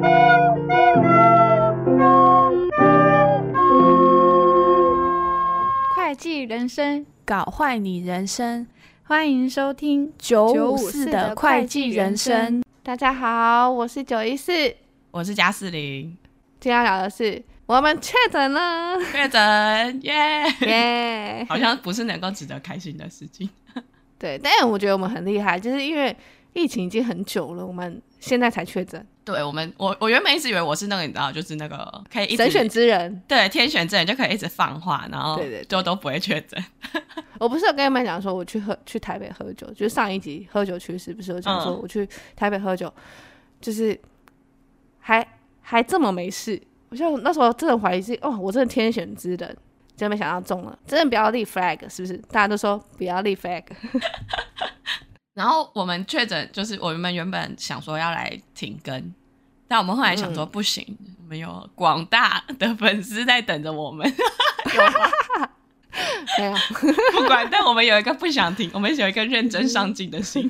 會計人生搞壞你人生，歡迎收聽九五四的會計人生。大家好，我是九一四，我是賈士林。今天聊的是我們確診了，確診，耶耶，好像不是能夠值得開心的事情。 對，但我覺得我們很厲害，就是因為疫情已經很久了，我們。現在才確診，對我們，我我原本一直以為我是那個，你知道，就是那個可以一直神選之人，對，天選之人就可以一直放話，然後對對，就都不會確診。對對對 我不是有跟你們講說，我去喝去台北喝酒，就是上一集喝酒去是不是有講說我去台北喝酒，嗯、就是還還這麼沒事，我就那時候真的懷疑是，哦，我真的天選之人，真的沒想到中了，真的不要立 flag，是不是？大家都說不要立 flag。 然後我們確診，就是我們原本想說要來停更，但我們後來想說不行，沒、嗯、有廣大的粉絲在等着我們，沒 有嗎 不管，但我們有一個不想停， 我們有一個認真上進的心，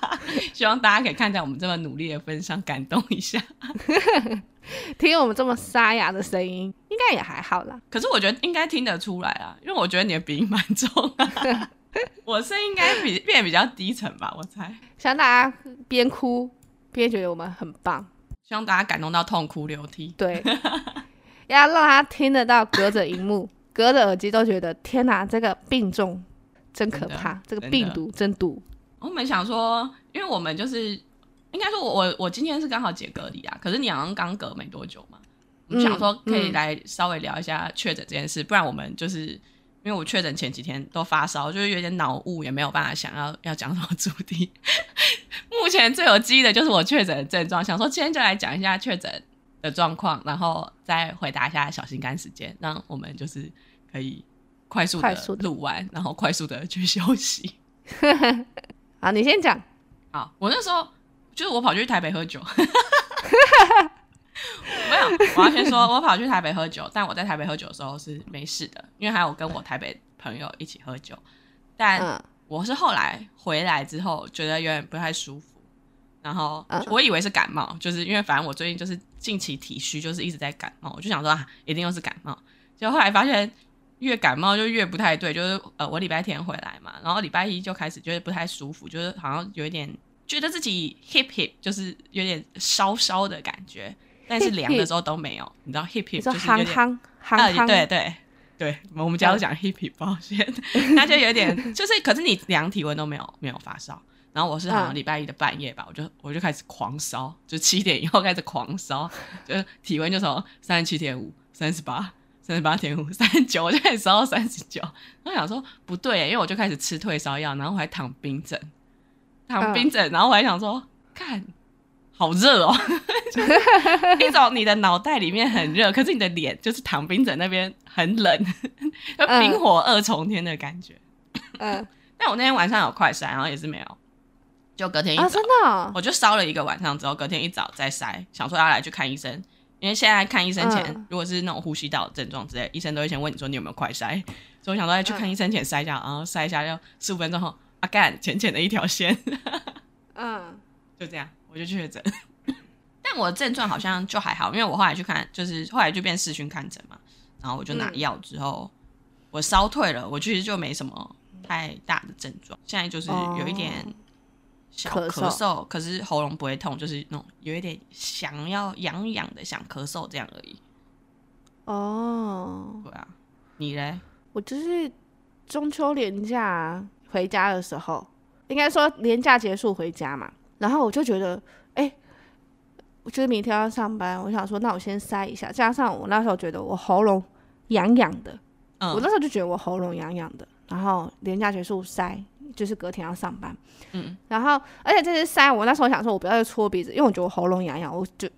希望大家可以看在我們這麼努力的份上感動一下， 聽我們這麼沙啞的聲音應該也還好啦，可是我覺得應該聽得出來啊，因為我覺得你的鼻音蠻重、啊 我是應該比變得比較低沉吧，我猜，想大家邊哭邊覺得我們很棒，希望大家感動到痛哭流涕。對， 要讓他聽得到，隔着熒幕， 隔着耳機都覺得天哪、啊，這個病重真可怕真，這個病毒真毒。真我們想說，因為我們就是應該說我，我我我今天是剛好解隔離啊，可是你好像剛隔沒多久嘛，嗯、我們想說可以來稍微聊一下確診這件事、嗯，不然我們就是。因為我確診前幾天都發燒，就是有點腦霧，也沒有辦法想要要講什麼主題。 目前最有記憶的就是我確診的症狀。想說今天就來講一下確診的狀況，然後再回答一下小心肝時間，讓我們就是可以快速的錄完，然後快速的去休息。 好，你先講。好，我那時候就是我跑去台北喝酒。 我沒有，我要先說，我跑去台北喝酒，但我在台北喝酒的時候是沒事的，因為還有跟我台北朋友一起喝酒。但我是後來回來之後，覺得有點不太舒服，然後我以為是感冒，就是因為反正我最近就是近期體虛，就是一直在感冒，我就想說啊，一定又是感冒。結果後來發現越感冒就越不太對，就是呃，我禮拜天回來嘛，然後禮拜一就開始覺得不太舒服，就是好像有一點覺得自己 hip hip，就是有點燒燒的感覺。但是量的時候都沒有， 你知道，hippy 就是有點，哼哼哼哼啊，對對對，我們家都講 hippy 保險，那、嗯、就有點，就是，可是你量體溫都沒有，沒有發燒。然後我是好像禮拜一的半夜吧，啊、我就我就開始狂燒，就七點以後開始狂燒，就體溫就從三十七點五、三十八、三十八點五、三十九，我就開始燒到三十九。我想說不對、欸，因為我就開始吃退燒藥，然後我還躺冰枕，躺冰枕，然後我還想說看。好熱哦，一、就、種、是、你，你的腦袋裡面很熱， 可是你的臉就是躺冰枕那邊很冷， 就冰火二重天的感覺。嗯，嗯 但我那天晚上有快篩，然後也是沒有，就隔天一早，啊、真的、哦，我就燒了一個晚上，之後隔天一早再篩，想說要來去看醫生，因為現在看醫生前，嗯、如果是那種呼吸道症狀之類，醫生都會先問你說你有沒有快篩，所以我想說要去看醫生前篩一、嗯、一下，然後篩一下，要十五分鐘後，阿、啊、幹，淺淺的一條線， 嗯，就這樣。我就確診，但我的症狀好像就還好，因為我後來去看，就是後來就變視訊看診嘛，然後我就拿藥之後，我燒退了，我其實就沒什麼太大的症狀，現在就是有一點小咳嗽，可是喉嚨不會痛，就是那種有一點想要癢癢的想咳嗽這樣而已。哦，對啊，你呢？我就是中秋連假回家的時候，應該說連假結束回家嘛。然後我就覺得，哎、欸，我就是明天要上班，我想說，那我先塞一下。加上我那時候覺得我喉嚨癢癢的、嗯，我那時候就覺得我喉嚨癢癢的。然後連假結束塞，就是隔天要上班。嗯，然後而且這次塞，我那時候想說，我不要去搓鼻子，因為我覺得我喉嚨癢癢，我就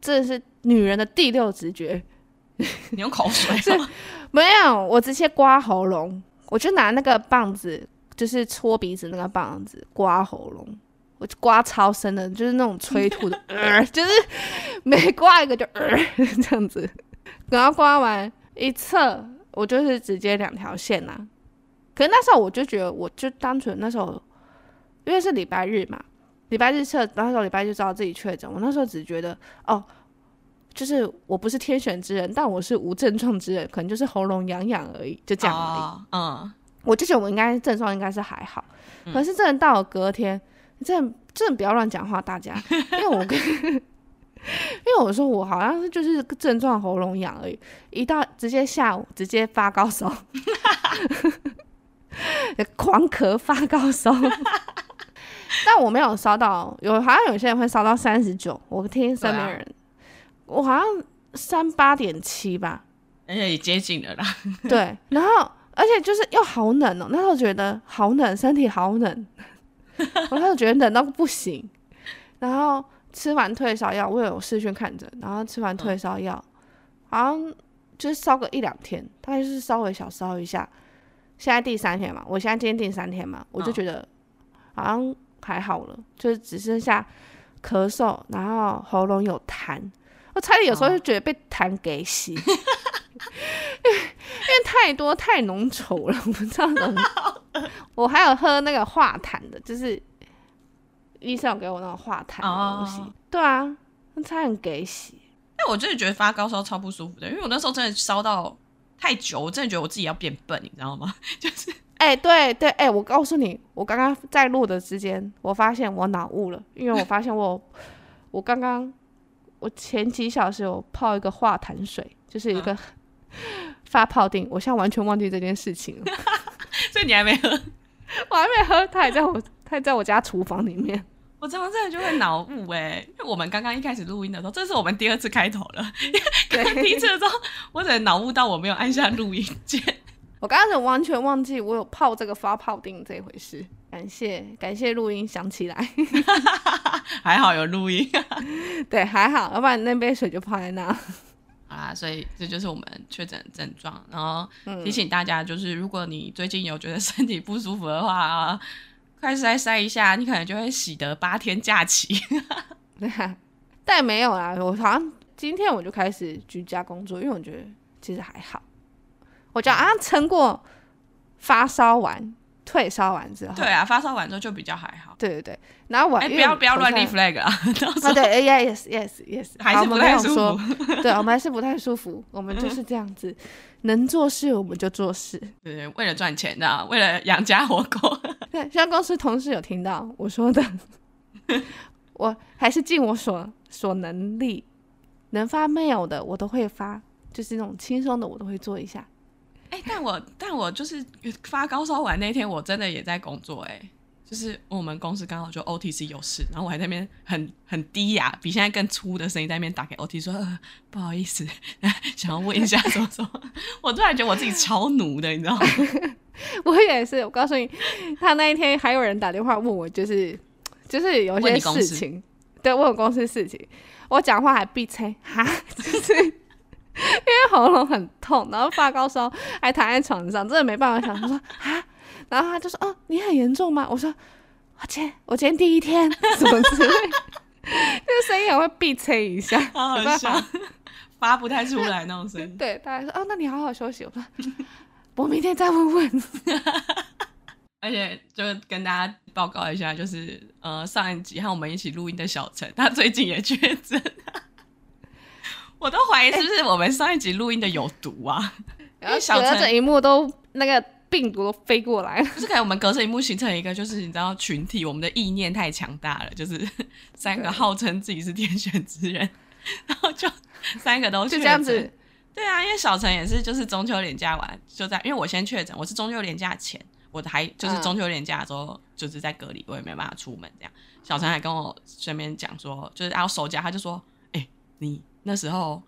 這是女人的第六直覺。你用口水、啊？ 沒有，我直接刮喉嚨，我就拿那個棒子，就是搓鼻子那個棒子刮喉嚨。我就刮超深的，就是那種催吐的、呃， 就是每刮一個就、呃、這樣子，然後刮完一測，我就是直接兩條線啦、啊。可是那時候我就覺得，我就單純那時候因為是禮拜日嘛，禮拜日測，那時候禮拜就知道自己確診。我那時候只覺得，哦，就是我不是天選之人，但我是無症狀之人，可能就是喉嚨癢癢而已，就這樣子。嗯、oh, uh.，我就覺得我應該症狀應該是還好，可是這到了隔天。真真不要亂講話，大家。因為我跟 因為我說我好像是就是個症狀喉嚨癢而已，一到直接下午直接發高燒， 狂咳發高燒。 但我沒有燒到，有好像有些人會燒到三十九，我聽身邊人、啊，我好像三八點七吧，而且也接近了啦。 對，然後而且就是又好冷哦、喔，那時候覺得好冷，身體好冷。 我開始覺得冷到不行，然後吃完退燒藥，我也有視訊看着，然後吃完退燒藥、嗯，好像就是燒個一兩天，大概就是稍微小燒一下。現在第三天嘛，我現在今天第三天嘛，我就覺得好像還好了，嗯、就是只剩下咳嗽，然後喉嚨有痰、嗯。我差點有時候就覺得被痰給洗。嗯 因為，因為太多太濃稠了，我不知道怎麼。 我還有喝那個化痰的，就是醫生有給我那種化痰的東西。Oh. 對啊，那差點給洗。哎，我真的覺得發高燒超不舒服的，因為我那時候真的燒到太久，我真的覺得我自己要變笨，你知道嗎？就是哎、欸，對對哎、欸，我告訴你，我剛剛在錄的之間，我發現我腦霧了，因為我發現我、欸、我剛剛我前幾小時有泡一個化痰水，就是一個。啊發泡定，我現在完全忘記這件事情了。 所以你還沒喝，我還沒喝，它還在我，它還在我家廚房裡面。我怎麼真的就會腦霧？哎，因為我們剛剛一開始錄音的時候，這是我們第二次開頭了。對，第一次的時候，我只能腦霧到我沒有按下錄音鍵，我剛開始完全忘記我有泡這個發泡定這一回事。感謝感謝，錄音響起來， 還好有錄音，啊，對，還好，要不然那杯水就泡在那。啊，所以這就是我們確診症狀。然後提醒大家，就是如果你最近有覺得身體不舒服的話、啊、快、嗯、篩篩一下，你可能就會喜得八天假期。 但沒有啦，我好像今天我就開始居家工作，因為我覺得其實還好，我覺得啊撐過發燒完。退燒完之後，對啊，發燒完之後就比較還好。對對對，那我、欸、我不要不要亂立 flag 啊！對，哎、欸、呀，yes yes yes，還是不太舒服。我 對我們還是不太舒服，我們就是這樣子，嗯、能做事我們就做事。對，對，對為了賺錢的啊，為了養家活口。 對，像公司同事有聽到我說的， 我還是盡我所所能力，能發 mail 的我都會發，就是那種輕鬆的我都會做一下。哎、欸，但我但我就是發高燒完那天，我真的也在工作、欸。哎，就是我們公司剛好就 OTC 有事，然後我還在那邊很很低啞，比現在更粗的聲音在那邊打給 OT 說、呃、不好意思，想要問一下什麼 我突然覺得我自己超奴的，你知道嗎？ 我也是。我告訴你，他那一天還有人打電話問我，就是就是有一些事情，對，問公司事情，我講話還鼻塞，哈，就是。 因為喉嚨很痛，然後發高燒，還躺在床上， 真的沒辦法想。想他說啊，然後他就說哦、嗯，你很嚴重嗎？我說，我今我今天第一天，什麼滋味？那 個聲音也會鼻塞 一下，好好 發不太出來那種聲音。 對，他還說啊、嗯，那你好好休息。我說， 我明天再問問。 而且就跟大家報告一下，就是呃，上一集和我們一起錄音的小陳，他最近也確診。 我都懷疑是不是我們上一集錄音的有毒啊？因為小陳隔着螢幕都那個病毒都飛過來，就是可能我們隔着螢幕形成一個，就是你知道群體，我們的意念太強大了，就是三個號稱自己是天選之人，然後就三個都就這樣子。對啊，因為小陳也是，就是中秋連假完就在，因為我先確診，我是中秋連假前，我還就是中秋連假的時候就是在隔離，我也沒辦法出門，這樣小陳還跟我順便講說，就是後休假，他就說，哎，你。那時候，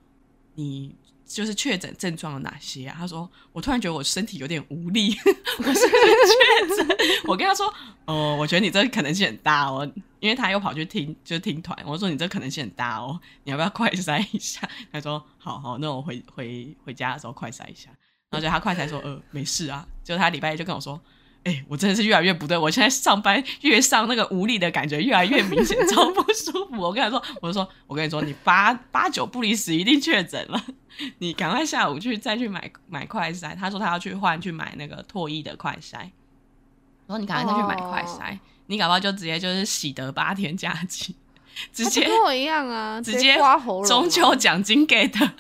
你就是確診症狀有哪些？啊？他說：“我突然覺得我身體有點無力。 ”我是確診。我跟他說：“哦、呃，我覺得你這可能性很大哦，因為他又跑去聽就是、聽團。”我說：“你這可能性很大哦，你要不要快篩一下？”他說：“好好，那我回回回家的時候快篩一下。”然後就他快篩說：“呃，沒事啊。”就他禮拜一就跟我說。哎、欸，我真的是越來越不對，我現在上班越上那個無力的感覺越來越明顯， 超不舒服。我跟他說，我說，我跟你說，你八八九不離十一定確診了，你趕快下午去再去買買快篩。他說他要去換去買那個唾液的快篩，然、哦、後你趕快再去買快篩、哦，你搞不好就直接就是喜得八天假期，直接跟我一樣啊，直接，直接中秋獎金給的，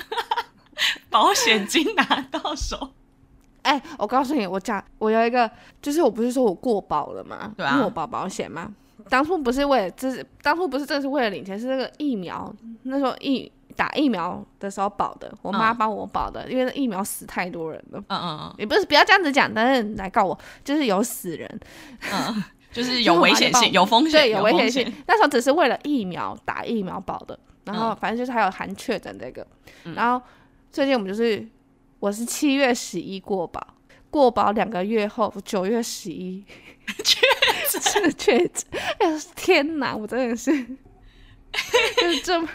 保險金拿到手。哎、欸，我告訴你，我講，我有一個，就是我不是說我過保了嘛，過、啊、保保險嗎？當初不是為了，就是當初不是這是為了領錢，是那個疫苗，那時候疫打疫苗的時候保的，我媽幫我保的，嗯、因為那疫苗死太多人了。嗯嗯嗯，也不是不要這樣子講，但是來告我，就是有死人，嗯，就是有危險性， 有風險，對，有危險性。那時候只是為了疫苗打疫苗保的，然後反正就是還有含確診這個、嗯，然後最近我們就是。我是七月十一過保，過保兩個月後九月十一，確 實。哎呦天哪，我真的是， 就是這麼，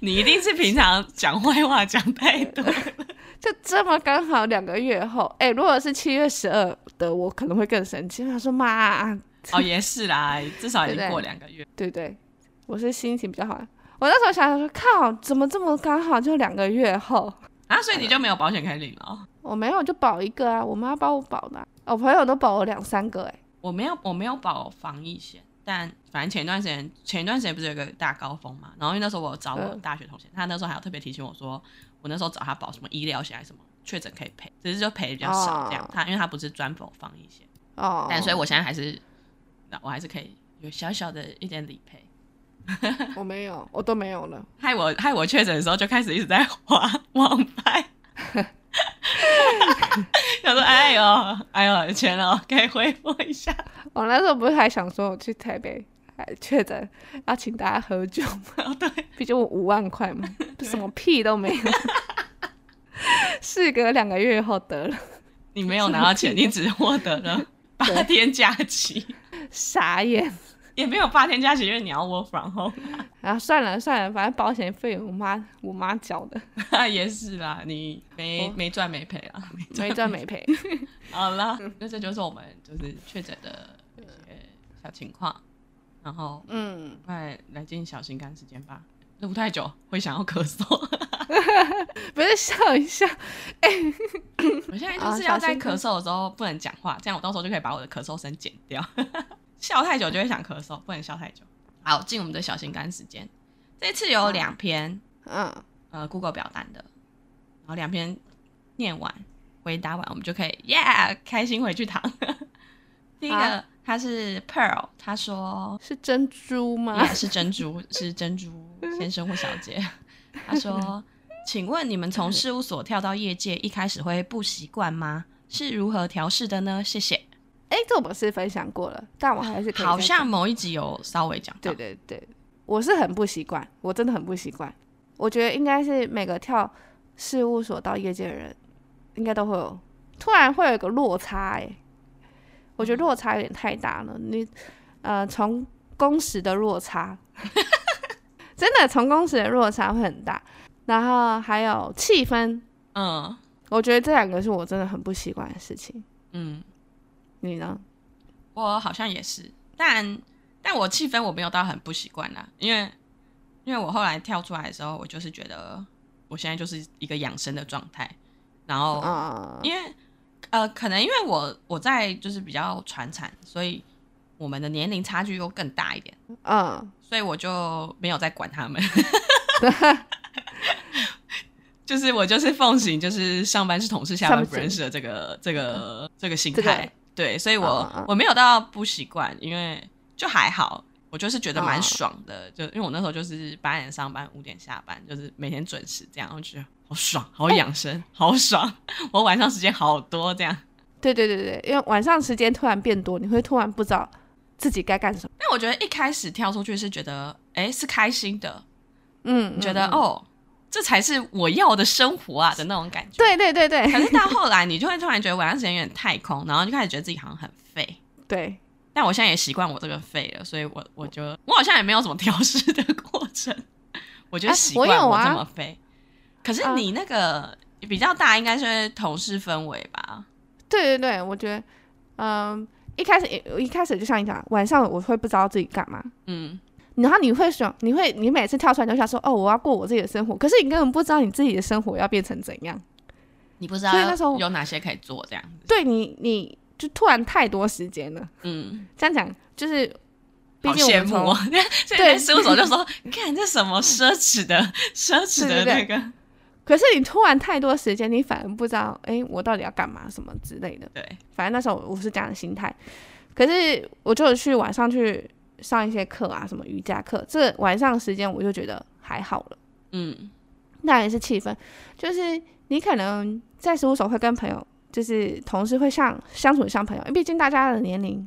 你一定是平常講壞話講太多，就這麼剛好兩個月後，哎、欸，如果是七月十二的，我可能會更生氣。他說媽、啊，哦，也是啦，至少也過兩個月。對，對對。我是心情比較好，我那時候想想說，靠，怎麼這麼剛好就兩個月後。啊，所以你就沒有保險可以領了？我沒有，就保一個啊。我媽幫我保的、啊，我朋友都保了兩三個哎、欸。我沒有，我沒有保防疫險，但反正前段時間，前段時間不是有一個大高峰嘛？然後因為那時候我找我大學同學，嗯、他那時候還有特別提醒我說，我那時候找他保什麼醫療險還是什麼，確診可以賠，只是就賠比較少這樣。他、哦、因為他不是專保防疫險、哦，但所以我現在還是，我還是可以有小小的一點理賠。 我沒有，我都沒有了。害我害我確診的時候就開始一直在滑網拍。他 說：“哎呦哎呦，呦有錢了，可以回復一下。”我那時候不是還想說我去台北，還確診要請大家喝酒嗎？哦、對，畢竟我五萬塊嘛， 什麼屁都沒有。 事隔兩個月後得了，你沒有拿到錢，你只獲得了八天假期， 傻眼。也沒有八天假期，因為你要 work from home 啊，算了算了，反正保險費我媽我媽繳的， 也是啦，你沒沒賺沒賠啊，沒賺沒賠。沒沒沒沒 好了、嗯，那這就是我們就是確診的一些小情況，然後嗯，來來進小心肝時間吧，錄太久會想要咳嗽， 不是笑一笑，哎、欸， 我現在就是要在咳嗽的時候不能講話、啊，這樣我到時候就可以把我的咳嗽聲剪掉。 笑太久就會想咳嗽，不能笑太久。好，進我們的小心肝時間。這次有兩篇，嗯、uh, uh. 呃，呃，Google 表單的，然後兩篇念完，回答完，我們就可以，Yeah，開心回去躺。 第一個他，uh? 是 Pearl，他說是珍珠嗎？Yeah, 是珍珠，是珍珠 先生或小姐。他說，請問你們從事務所跳到業界，一開始會不習慣嗎？是如何調適的呢？謝謝。哎，這我是分享過了，但我還是好像某一集有稍微講到。對對對，我是很不習慣，我真的很不習慣。我覺得應該是每個跳事務所到業界的人，應該都會有突然會有一個落差，欸。哎，我覺得落差有點太大了。嗯、你呃，從工時的落差， 真的從工時的落差會很大。然後還有氣氛，嗯，我覺得這兩個是我真的很不習慣的事情。嗯。你呢？我好像也是，但但我氣氛我沒有到很不習慣啦，因為因為我後來跳出來的時候，我就是覺得我現在就是一個養生的狀態，然後、uh. 因為呃，可能因為我我在就是比較傳產，所以我們的年齡差距又更大一點，嗯、uh.，所以我就沒有再管他們， 就是我就是奉行就是上班是同事，下班不認識的這個這個這個心態。這個對，所以我、oh. 我沒有到不習慣，因為就還好，我就是覺得蠻爽的，oh. 就因為我那時候就是八點上班，五點下班，就是每天準時這樣，我覺得好爽，好養生、欸，好爽。我晚上時間好多，這樣。對對對對，因為晚上時間突然變多，你會突然不知道自己該幹什麼。因為我覺得一開始跳出去是覺得，哎、欸，是開心的，嗯，你覺得嗯嗯哦。這才是我要的生活啊的那種感覺。對對對對。可是到後來，你就會突然覺得晚上時間有點太空， 然後就開始覺得自己好像很廢。對。但我現在也習慣我這個廢了，所以我我就我好像也沒有什麼調適的過程。 我覺得習慣我這麼廢、啊啊。可是你那個比較大，應該是同事氛圍吧？對對對，我覺得，嗯、呃，一開始一開始就像你講，晚上我會不知道自己幹嘛，嗯。然後你會想，你會你每次跳出來就想說，哦，我要過我自己的生活。可是你根本不知道你自己的生活要變成怎樣，你不知道。所以那時候有哪些可以做這樣？對，你，你就突然太多時間了。嗯，這樣講就是，畢竟我們對事務所就說，你看這什麼奢侈的奢侈的那個。可是你突然太多時間，你反而不知道，哎、欸，我到底要幹嘛什麼之類的。對，反正那時候我是這樣的心態，可是我就去晚上去。上一些課啊，什麼瑜伽課，這個，晚上的時間我就覺得還好了。嗯，那也是氣氛。就是你可能在事務所會跟朋友，就是同事會像相處像朋友，因為畢竟大家的年齡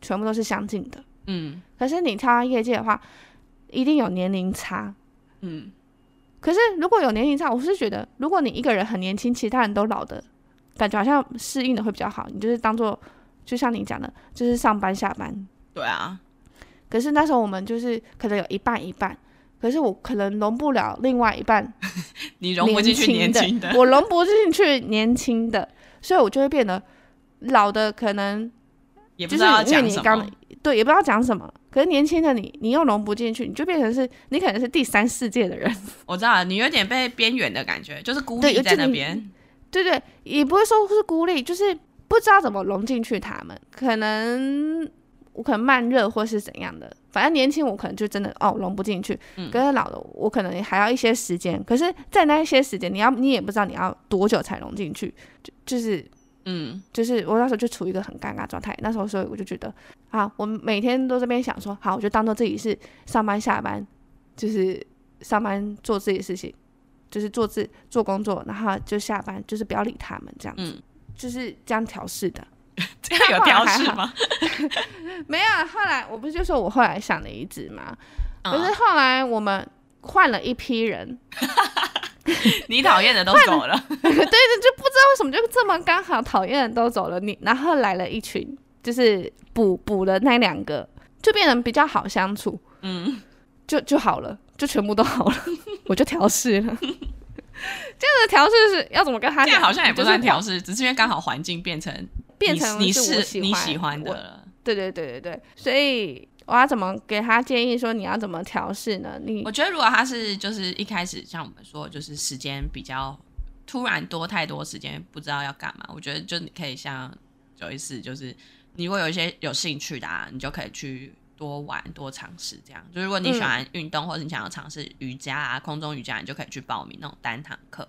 全部都是相近的。嗯。可是你跳到業界的話，一定有年齡差。嗯。可是如果有年齡差，我是覺得，如果你一個人很年輕，其他人都老的，感覺好像適應的會比較好。你就是當做，就像你講的，就是上班下班。對啊。可是那時候我們就是可能有一半一半，可是我可能融不了另外一半， 你融不進去年輕的， 我融不進去年輕的，所以我就會變得老的可能就是因為你剛剛，也不知道要講什麼。對，也不知道講什麼。可是年輕的你，你又融不進去，你就變成是，你可能是第三世界的人。 我知道，你有點被邊緣的感覺，就是孤立在那邊。對對，也不會說是孤立，就是不知道怎麼融進去。他們可能。我可能慢熱或是怎樣的，反正年輕我可能就真的哦融不進去，跟老的我可能還要一些時間，嗯。可是，在那一些時間，你要你也不知道你要多久才融進去，就就是嗯，就是我那時候就處於一個很尷尬狀態。那時候所以我就覺得啊，我每天都這邊想說，好，我就當做自己是上班下班，就是上班做自己的事情，就是做自做工作，然後就下班，就是不要理他們這樣子，嗯，就是這樣調適的。這樣有調適嗎？ 沒有，後來我不是就說我後來想了一只嗎？ 可是後來我們換了一批人， 你討厭的都走了，了 對的，就不知道為什麼就這麼剛好討厭的都走了，你然後來了一群，就是補補了那兩個，就變成比較好相處，嗯，就就好了，就全部都好了， 我就調適了。 這樣的調適是要怎麼跟他？這個好像也不算調適、就是，只是因為剛好環境變成。變成是你是你喜歡的，對對對對對，所以我要怎麼給他建議說你要怎麼調適呢？你我覺得如果他是就是一開始像我們說就是時間比較突然多太多時間不知道要幹嘛，我覺得就你可以像有一次就是你如果有一些有興趣的、啊，你就可以去多玩多嘗試這樣。就如果你喜歡運動或者你想要嘗試瑜伽啊空中瑜伽，啊，你就可以去報名那種單堂課，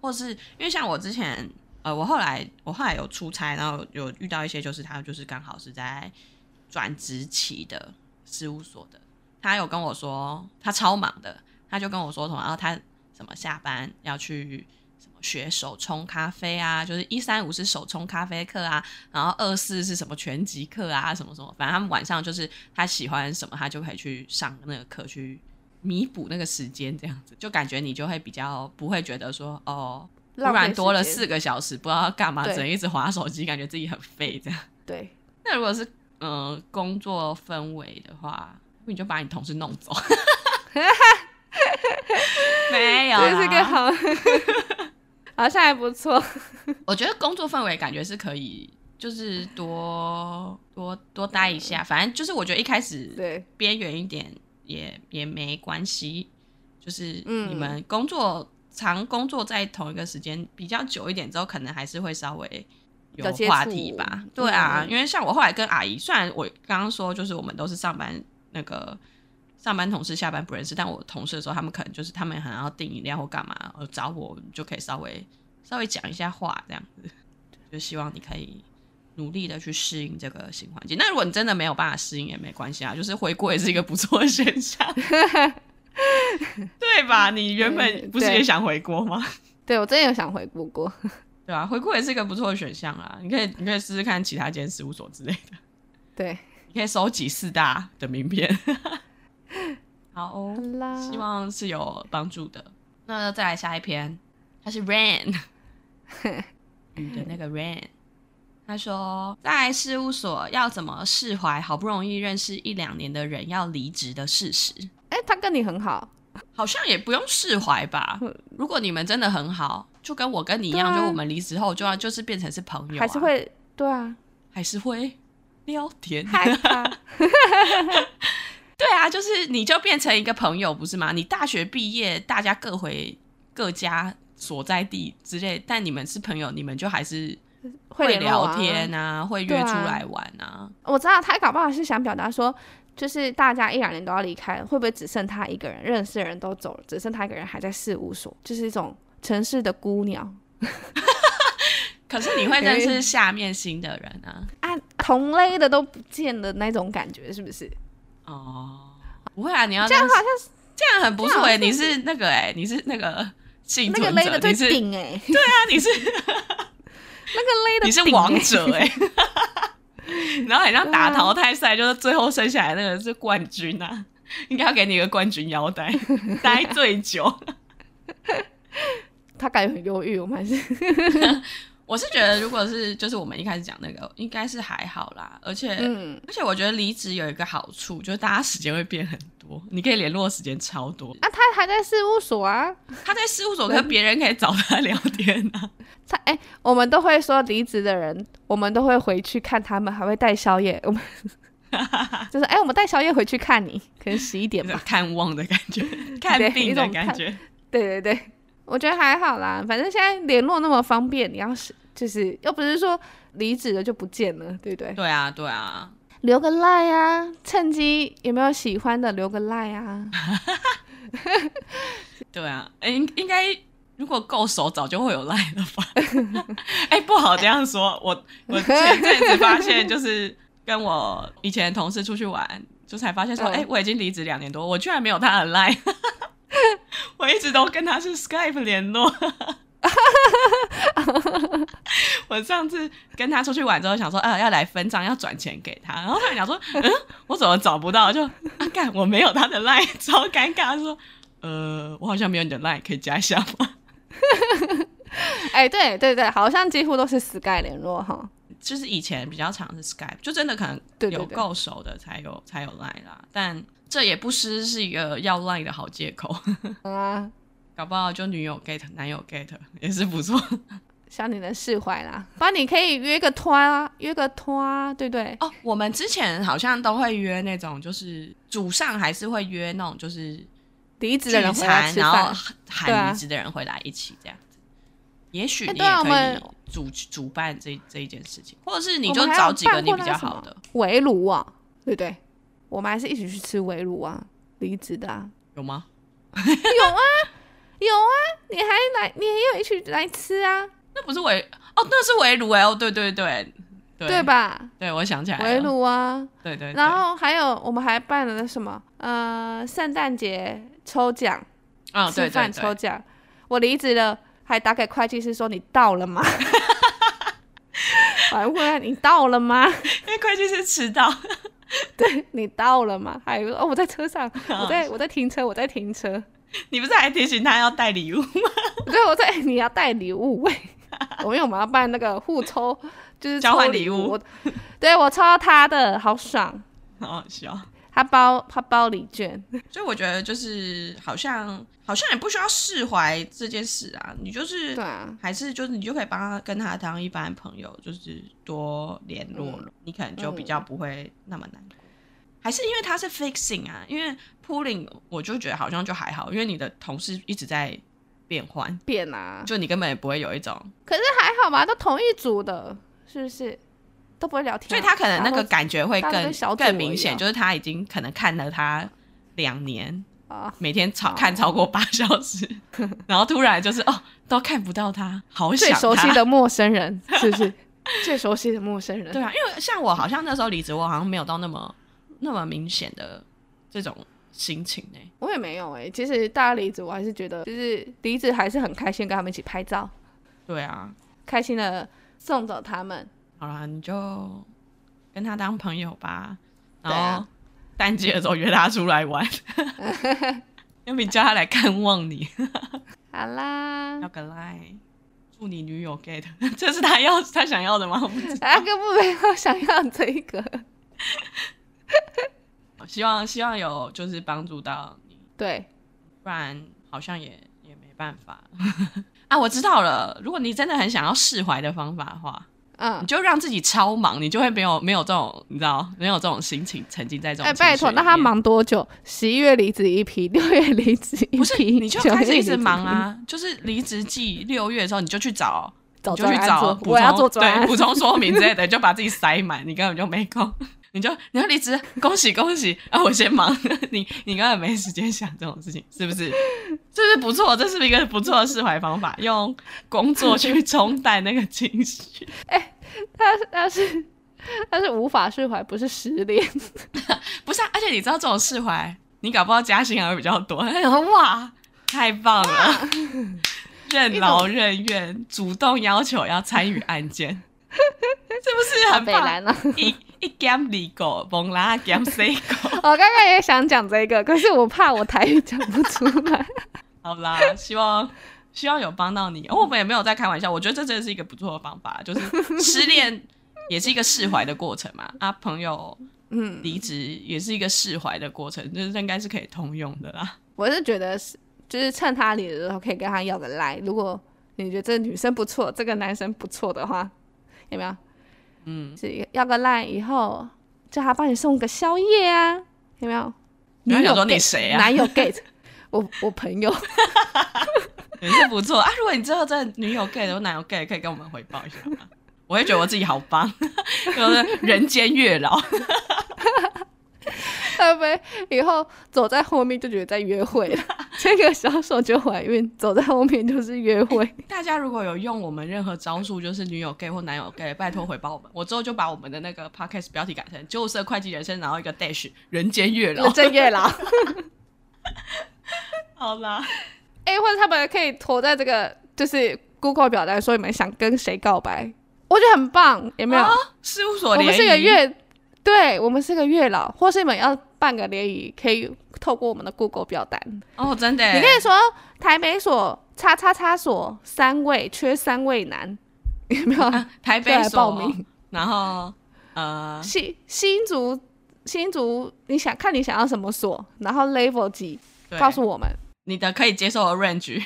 或是因為像我之前。呃，我後來我後來有出差，然後有遇到一些，就是他就是剛好是在轉職期的事務所的，他有跟我說他超忙的，他就跟我說什麼，然後他什麼下班要去什麼學手沖咖啡啊，就是一三五是手沖咖啡課啊，然後二四是什麼拳擊課啊，什麼什麼，反正他們晚上就是他喜歡什麼，他就可以去上那個課去彌補那個時間，這樣子就感覺你就會比較不會覺得說哦。不然多了四個小時，時，不知道幹嘛，只能一直滑手機，感覺自己很廢。這樣。對。那如果是嗯、呃、工作氛圍的話，你就把你同事弄走。 沒有啊。這是個好， 好像還不錯。 我覺得工作氛圍感覺是可以，就是多多多待一下，嗯。反正就是我覺得一開始對邊緣一點也也，也沒關係，就是你們工作。常工作在同一個時間比較久一點之後，可能還是會稍微有話題吧。對啊、嗯，因為像我後來跟阿姨，雖然我剛剛說就是我們都是上班那個上班同事，下班不認識，但我同事的時候，他們可能就是他們可能要訂飲料或幹嘛，找我就可以稍微稍微講一下話這樣子。就希望你可以努力的去適應這個新環境。那如果你真的沒有辦法適應也沒關係啊，就是回國也是一個不錯的選項。 對吧？你原本不是也想回國嗎？對，對我真的有想回國過。 對啊，回國也是一個不錯的選項啊。你可以，你可以試試看其他間事務所之類的。對，你可以收集四大的名片。 好啦，哦，希望是有幫助的。那再來下一篇，他是 Rain，嗯，對， 那個 Rain，他說，在事務所要怎麼釋懷好不容易認識一兩年的人要離職的事實。哎、欸，他跟你很好，好像也不用釋懷吧？嗯。如果你們真的很好，就跟我跟你一樣，啊、就我們離職後，就要就是變成是朋友，啊，還是會。對啊，還是會聊天，啊。害怕 對啊，就是你就變成一個朋友不是嗎？你大學畢業，大家各回各家所在地之類，但你們是朋友，你們就還是會聊天啊，會，會約出來玩啊，啊。我知道他搞不好是想表達說。就是大家一兩年都要離開了，會不會只剩他一個人？認識的人都走了，只剩他一個人還在事務所，就是一種城市的姑娘。 可是你會認識下面新的人啊？啊，同類的都不見的那種感覺，是不是？哦，不會啊，你要這樣好像是這樣很不錯哎，你是那個哎、欸，你是那個幸存者、那個類的最頂哎、欸，對啊，你是 那個勒的、欸，你是王者哎、欸。 然後好像打淘汰賽、啊，就是最後剩下來的那個是冠軍啊，應該要給你一個冠軍腰帶， 待最久。 他感覺很憂鬱，我們還是， 我是覺得如果是就是我們一開始講那個，應該是還好啦，而且，嗯、而且我覺得離職有一個好處，就是大家時間會變很多。你可以聯絡的時間超多啊！他還在事務所啊，他在事務所，跟別人可以找他聊天啊。哎、欸，我們都會說離職的人，我們都會回去看他們，還會帶宵夜。我們 就是哎、欸，我們帶宵夜回去看你，可能十一點吧， 看望的感覺，看病的感覺對。對對對，我覺得還好啦，反正現在聯絡那麼方便，你要是就是又不是說離職了就不見了，對不對？對啊，對啊。留個 line 啊，趁機有沒有喜歡的留個 line 啊？ 對啊，哎、欸，應該如果夠熟，早就會有 line 了吧？哎、 欸，不好這樣說，我我前陣子發現，就是跟我以前同事出去玩， 就才發現說，哎、欸，我已經離職兩年多，我居然沒有他的 line。 我一直都跟他是 Skype 聯絡。 我上次跟他出去玩之後，想說、啊，要來分賬，要轉錢給他。然後他想說，嗯，我怎麼找不到？就啊幹，我沒有他的 line，超尷尬。他說，呃，我好像沒有你的 line，可以加一下嗎？哎、 欸，對對對，好像幾乎都是 Skype 聯絡哈。就是以前比較常是 Skype，就真的可能有夠熟的才有對對對才有 line 啦。但這也不失是一個要 line 的好借口。啊。 搞不好就女友 get，男友 get 也是不錯，像你能釋懷啦，不然你可以約個團啊， 約個團、啊，對不對？哦，我們之前好像都會約那種，就是主上還是會約那種，就是離職的人回來然後喊離職的人回來一起這樣子。啊、也許你也可以主、欸啊、主辦這這一件事情，或者是你就找幾個你比較好的圍爐啊，對對？我們還是一起去吃圍爐啊，離職的、啊、有嗎？ 有啊。有啊，你還來，你也有一起來吃啊？那不是圍哦，那是圍爐哎對對對,對，對吧？對我想起來圍爐啊。對,對對。然後還有我們還辦了什麼？呃，聖誕節抽獎啊、哦，吃飯抽獎。我離職了，還打給會計師說你到了嗎？ 我還問、啊、你到了嗎？因為會計師遲到。對你到了嗎？還有哦，我在車上，我在我在停車，我在停車。你不是還提醒他要帶禮物嗎？對，我說、欸、你要帶禮物。欸，因 為我們要辦那個互抽，就是交換禮物。對，我抽到他的，好爽，好好笑。他包他包禮券，所以我覺得就是好像好像也不需要釋懷這件事啊，你就是對啊，還是就是你就可以幫他跟他當一般朋友，就是多聯絡了。嗯，你可能就比較不會那麼難。嗯還是因為他是 fixing 啊，因為 pulling 我就覺得好像就還好，因為你的同事一直在變換，變啊，就你根本也不會有一種。可是還好嘛，都同一組的，是不是？都不會聊天，啊，所以他可能那個感覺會更小更明顯，就是他已經可能看了他兩年，啊，每天超、啊、看超過八小時， 然後突然就是哦，都看不到他，好想最熟悉的陌生人，是不是？ 最熟悉的陌生人，對啊，因為像我好像那時候離職，我好像沒有到那麼。那麼明顯的這種心情呢、欸？我也沒有哎、欸。其實大笛子我還是覺得，就是笛子還是很開心跟他們一起拍照。對啊，開心的送走他們。好啦，你就跟他當朋友吧。然後淡季的時候約他出來玩，又沒、啊、 叫他來看望你。 好啦，要個賴，祝你女友 get，這是他要他想要的嗎？啊根本、啊、沒有想要這個。 我希望希望有就是幫助到你，對，不然好像也也沒辦法。 啊，我知道了，如果你真的很想要釋懷的方法的話，嗯，你就讓自己超忙，你就會沒有沒有這種你知道沒有這種心情，沉浸在這種。哎、欸，拜託，那他忙多久？十一月離職一批，六月離職一批，不是你就開始一直忙啊？就是離職季六月的時候，你就去找，找就去找補充做要做對補充說明之類的， 就把自己塞滿，你根本就沒空。你就你要離職，恭喜恭喜！啊，我先忙，你你根本沒時間想這種事情，是不是？ 是不是不錯，這是不錯，這是一個不錯的釋懷方法，用工作去沖淡那個情緒。哎、欸，他他是他是無法釋懷，不是失戀， 不是、啊。而且你知道這種釋懷，你搞不好加薪還會比較多，他想說。哇，太棒了！任勞任怨，主動要求要參與案件， 是不是很棒？棒一減二個，崩啦減四個。 我剛剛也想講這個，可是我怕我台語講不出來。 好啦，希望希望有幫到你。哦。我們也沒有在開玩笑，我覺得這真的是一個不錯的方法，就是失戀也是一個釋懷的過程嘛。 啊，朋友，嗯，離職也是一個釋懷的過程， 就是應該是可以通用的啦。我是覺得是，就是趁他離的時候，可以跟他要個賴。如果你覺得這女生不錯，這個男生不錯的話，有沒有？嗯，要個賴以後叫他幫你送個宵夜啊？有沒有？想說你誰啊？男友 gate， 我我朋友 也是不錯啊。如果你之後在女友 gate 我男友 gate，可以跟我們回報一下嗎？ 我會覺得我自己好棒，就是，人間月老。 會 不以後走在後面就覺得在約會了？牽 個小手就懷孕，走在後面就是約會，欸。大家如果有用我們任何招數，就是女友給或男友給，拜托回報我們。我之後就把我們的那個 podcast 標題改成“就是會計人生”，然後一個 dash 人間月老。人間月老、人間月老。好啦，a 或者他們可以投在這個就是 Google 表單，說你們想跟誰告白，我覺得很棒，有沒有？啊、事務所，我們是一個月。對我們是個月老，或是你們要辦個聯誼，可以透過我們的 Google 表單哦。真的，你可以說台北所、叉叉叉所，三位缺三位男，有沒有？啊、台北來報名，然後呃，新新竹、新竹，你想看你想要什麼所，然後 Level 幾，告訴我們你的可以接受的 Range，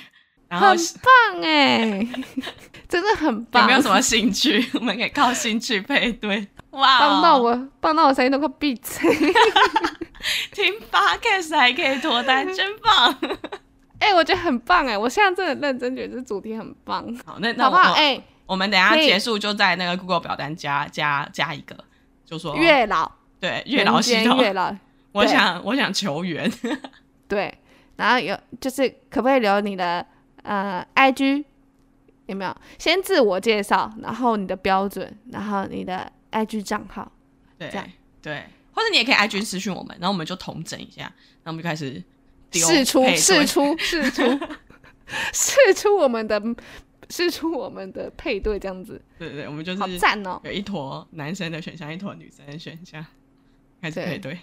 然後很棒哎， 真的很棒。有沒有什麼興趣？我們可以靠興趣配對。哇、wow，棒到我，棒到我，聲音都快閉嘴。 聽 podcast 還可以脫單，真棒！哎、 欸，我覺得很棒哎，我現在真的認真覺得這主題很棒。好，那那我好不好？哎、欸，我們等下結束就在那個 Google 表單加加加一個，就說月老對月老系統人間月老，我想我想求緣 對，然後有就是可不可以留你的呃 IG 有沒有？先自我介紹，然後你的標準，然後你的。I G 賬號，對對，或者你也可以 I G 私訊我們，然後我們就統整一下，然後我們就開始丟出試出試出試 出我們的試 出我們的配對，這樣子。對對對，我們就是好讚哦，有一坨男生的選項，喔，一坨女生的選項，開始配對，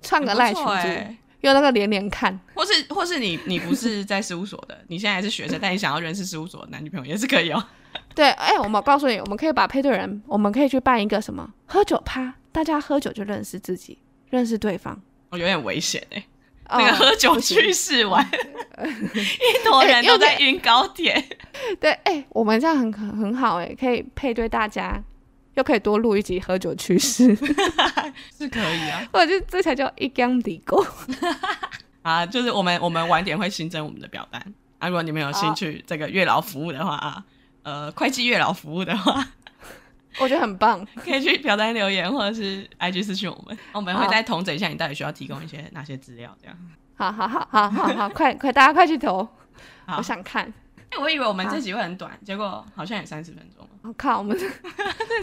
串個賴群組，欸，用那個連連看，或是或是你你不是在事務所的， 你現在還是學生，但你想要認識事務所的男女朋友也是可以哦，喔。 對，哎、欸，我們告訴你，我們可以把配對人，我們可以去辦一個什麼喝酒趴，大家喝酒就認識自己，認識對方，哦，有點危險哎、欸哦，那個喝酒去世玩，嗯、 一坨人都在暈高鐵、欸。對，哎、欸，我們這樣很很好哎、欸，可以配對大家，又可以多錄一集喝酒去世， 是可以啊。我覺得這才叫一兼二顧。 啊，就是我們我們晚點會新增我們的表單啊，如果你們有興趣、啊、這個月老服務的話啊。呃，會計月老服務的話，我覺得很棒， 可以去表單留言，或者是 IG 私訊我們，我們會再統整一下你到底需要提供一些 哪些資料，這樣。好好好好好好， 快快大家快去投，我想看。哎、欸，我以為我們這集會很短，啊、結果好像有三十分鐘。我、啊、靠，我們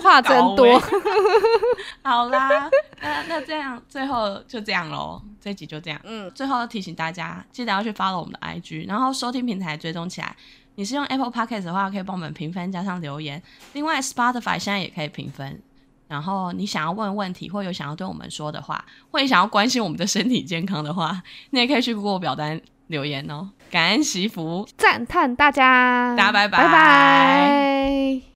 話真多。 好啦，那、 uh, 那這樣，最後就這樣嘍，這一集就這樣。嗯，最後提醒大家，記得要去 follow 我們的 IG，然後收聽平台追蹤起來。你是用 Apple Podcast 的話，可以幫我們評分加上留言。另外，Spotify 現在也可以評分。然後，你想要問問題，或有想要對我們說的話，或你想要關心我們的身體健康的話，你也可以去 Google 表單留言哦。感恩祈福，讚嘆大家，大家拜拜，拜拜。拜拜。